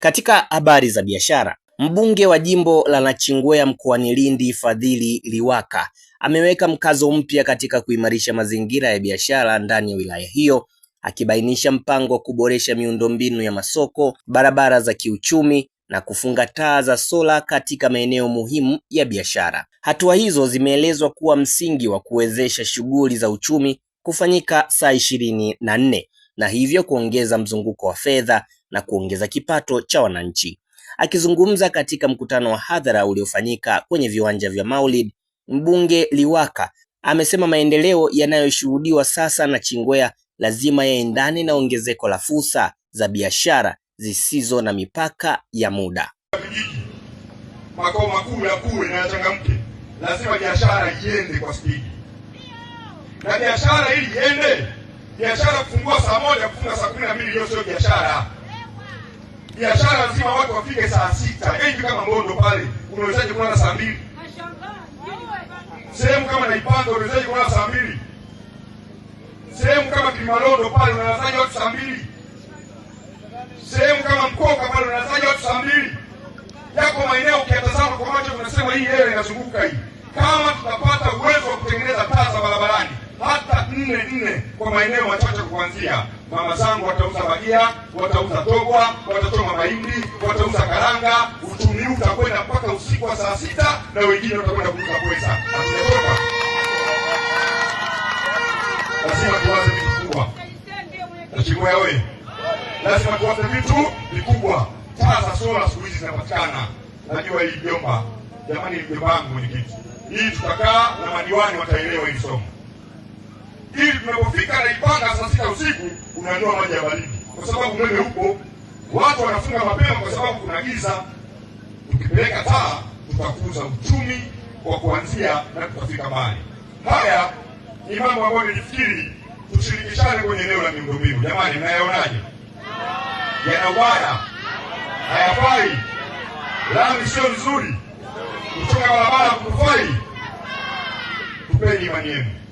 Katika habari za biashara, mbunge wa jimbo la Nachingwea mkoani Lindi Fadhili Liwaka ameweka mkazo mpya katika kuimarisha mazingira ya biashara ndani ya wilaya hiyo, akibainisha mpango wa kuboresha miundombinu ya masoko, barabara za kiuchumi na kufunga taa za sola katika maeneo muhimu ya biashara. Hatua hizo zimeelezwa kuwa msingi wa kuwezesha shughuli za uchumi kufanyika saa ishirini na nne na hivyo kuongeza mzunguko wa fedha na kuongeza kipato cha wananchi. Akizungumza katika mkutano wa hadhara uliofanyika kwenye viwanja vya Maulid, mbunge Liwaka amesema maendeleo yanayoshuhudiwa sasa na Chingwea lazima yaendane na ongezeko la fursa za biashara zisizo na mipaka ya muda. Makao makuu ya kule na Changamke lazima biashara iende kwa spidi, na biashara ili iende Biashara kufungua saa moja kufunga saa kumi na mbili hiyo sio biashara. Biashara lazima watu wafike saa sita. Hivi kama Mbondo pale unawezaji kuona saa mbili? Sehemu kama Naipanga unawezaji kuona saa mbili? Sehemu kama kilimalondo pale unawezaji watu saa mbili? Sehemu kama Mkoka pale unawezaji watu saa mbili? Yako maeneo ukiatazama kwa macho unasema hii hewa inazunguka hii kwa maeneo machache kuanzia. Mama zangu watauza bagia, watauza togwa, watachoma mahindi, watauza karanga. Uchumi utakwenda mpaka usiku wa saa sita na wengine watakwenda kuuza pweza. Hatujatoka, lazima tuwaze vitu kubwa. Nachingua wewe, lazima tuwaze vitu vikubwa. Taa za sola siku hizi zinapatikana, najua hii mjomba. Jamani, mjomba wangu mwenyekiti, hii tutakaa na madiwani wataelewa hii somo mnapofika Naipanga saa sita usiku unanywa maji ya baridi, kwa sababu umeme huko watu wanafunga mapema kwa sababu kuna giza. Tukipeleka taa, tutakuza uchumi kwa kuanzia na tutafika mbali. Haya ni mambo ambayo nilifikiri tushirikishane kwenye eneo la miundombinu. Jamani, mnayaonaje? Yana ubaya? Hayafai? Lami sio nzuri? Kuchonga barabara kutufai? Tupeni imani yenu.